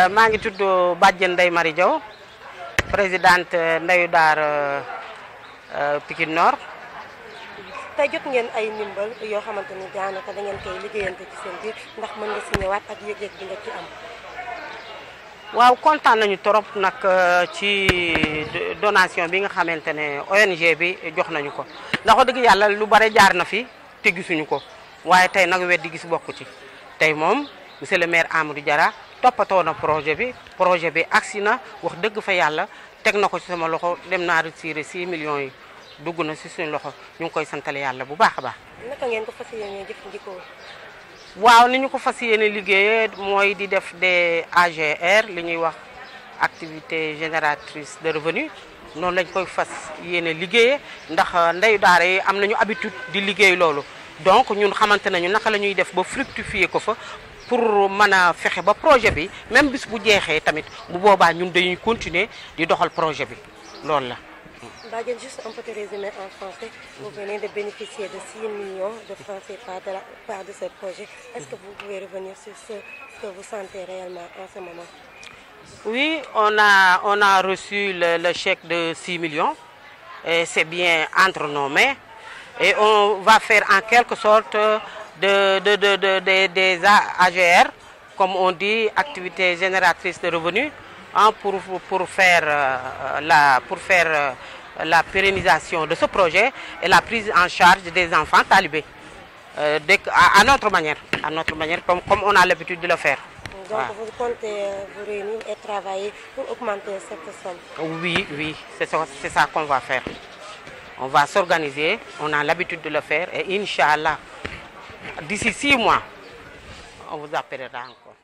Euh, maa ngi tudd Badiane Ndeye mari jaw présidente euh, Ndeyu daar euh, Pikine Nord. tey jot ngeen ay ndimbal yoo xamante ni daanaka da ngeen liggéeyante ci seen biir ndax mën nga si ñëwaat ak yëg-yëg bi nga ci am. waaw kontaan nañu trop nag ci donation bi nga xamante ne ONG bi jox nañu ko ndax wax dëgg yàlla lu bare jaar na fi te gisuñu ko waaye tey nag weddi gis bokku ci tey moom monsieur maire Amadou Diarra. toppatoo na projet bi projet bi agsi na wax dëgg fa yàlla teg na ko ci sama loxo dem naa retiré 6 millions yi dugg na si suñu loxo ñu ngi koy santale yàlla bu baax a baax. naka ngeen ko fas yéenee jëfandikoo. waaw ni ñu ko fas yéene liggéeyee mooy di def des AGR li ñuy wax activité génératrice de revenu noonu lañ koy fas yéene liggéeyee ndax ndeyu daara yi am nañu habitude di liggéey loolu donc ñun xamante nañu naka la ñuy def ba fructifier ko fa pour mën a fexe ba projet bi même bis bu jeexee tamit bu boobaa ñun dañuy continuer di doxal projet bi loolu la. Badiane, juste un petit résumé en français. Vous venez de bénéficier de millions de francs CFA de ce projet. Est-ce que vous pouvez revenir sur ce que vous sentez réellement en ce moment? Oui, on a, on a reçu le, le chèque de 6 millions. Et c'est bien entre nos mains. Et on va faire en quelque sorte de, de, de, de, des AGR, comme on dit, activités génératrice de revenus, hein, pour, pour, faire, euh, la, pour faire euh, la pérennisation de ce projet et la prise en charge des enfants talibés. Euh, à, à, notre manière, à notre comme, comme on a l'habitude de le faire. Donc ouais. vous comptez euh, vous réunir et travailler pour augmenter cette somme Oui, c'est ça, ça qu'on va faire. On va s'organiser, on a l'habitude de le faire et Inch'Allah, D'ici six mois, on vous appellera encore.